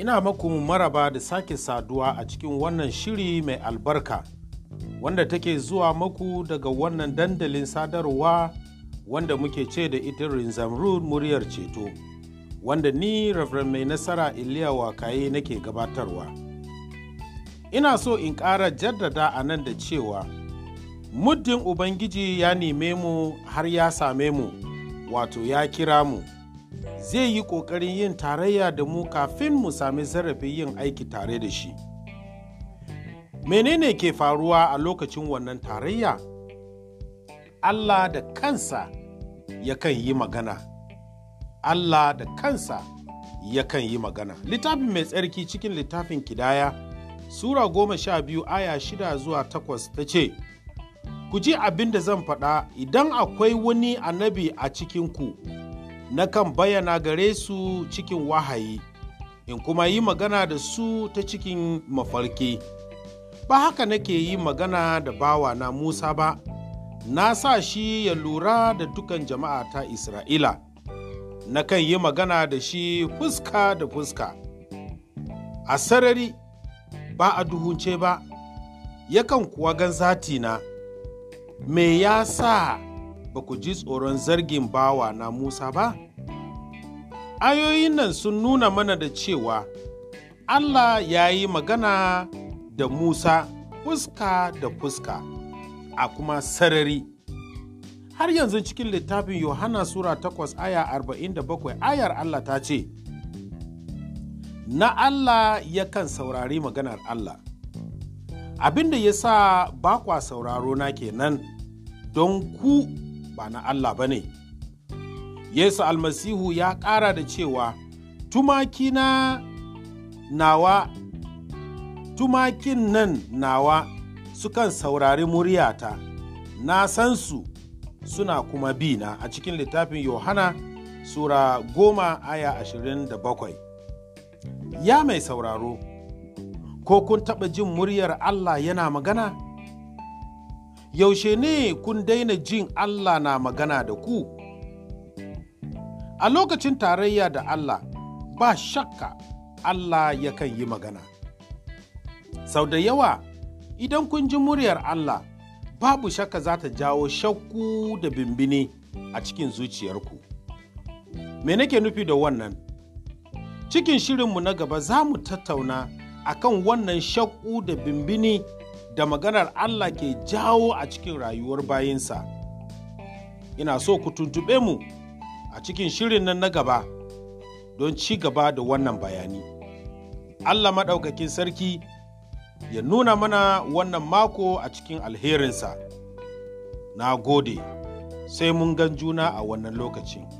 ina maku maraba da sake saduwa a cikin wannan shiri mai albarka wanda take zuwa maku daga wannan dandalin sadarwa wanda muke ce da ita Rinzamrud muryar ceto wanda ni Reverend mai nasara Iliya Wakaye nake gabatarwa. Ina so in ƙara jaddada a nan da cewa muddin Ubangiji ya neme mu har ya same mu wato ya kira mu. zai yi ƙoƙarin yin tarayya da mu kafin mu sami zarafi yin aiki tare da shi. Menene ke faruwa a lokacin wannan tarayya? Allah da kansa yakan yi magana. Allah da kansa yakan yi magana. Littafin mai tsarki cikin littafin kidaya, Sura goma sha biyu aya shida zuwa takwas ta ce, Ku ji abin da zan faɗa idan akwai wani annabi a cikinku Na kan bayyana gare su cikin wahayi in kuma yi magana da su ta cikin mafarki ba haka nake yi magana da bawa na musa ba na sa shi ya lura da dukan jama'a ta isra'ila Na kan yi magana da shi fuska da fuska a sarari ba a duhunce ba yakan kuwa gan na, me ya sa ba ku ji tsoron zargin bawa na Musa ba? Ayoyin nan sun nuna mana da cewa Allah ya yi magana da Musa fuska da fuska a kuma sarari. Har yanzu cikin littafin Yohana Sura 8 aya bakwai ayar Allah ta ce, Na Allah yakan saurari maganar Allah. Abinda da ya sa bakwa sauraro na kenan don ku ba na Allah ba ne. Yesu almasihu ya ƙara da cewa, tumakin nan nawa sukan saurari muryata, na san su suna kuma bi na a cikin littafin Yohana Sura goma aya ashirin da bakwai. Ya mai sauraro, ko kun taɓa jin muryar Allah yana magana? yaushe ne kun daina jin Allah na magana da ku? A lokacin tarayya da Allah ba shakka Allah yakan yi magana. Sau da yawa idan kun ji muryar Allah babu shakka za ta jawo shakku da bimbini a cikin zuciyarku. Me nake nufi da wannan? Cikin shirinmu na gaba za mu tattauna akan wannan shakku da bimbini da maganar Allah ke jawo a cikin rayuwar bayinsa. Ina so ku tuntuɓe mu a cikin shirin nan na gaba don ci gaba da wannan bayani. Allah maɗaukakin sarki ya nuna mana wannan mako a cikin alherinsa. Na gode, sai mun gan juna a wannan lokacin.